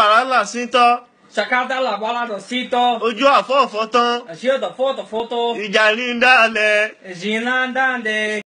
parala sí tán. Sakata la bala do sito. Ojú àfọ̀fọ́ tán. Àṣírí ọ̀dọ̀fọ́ ọ̀dọ̀fọ́ tó. Ìjà ní ń dálẹ̀. Ìjìnlá ń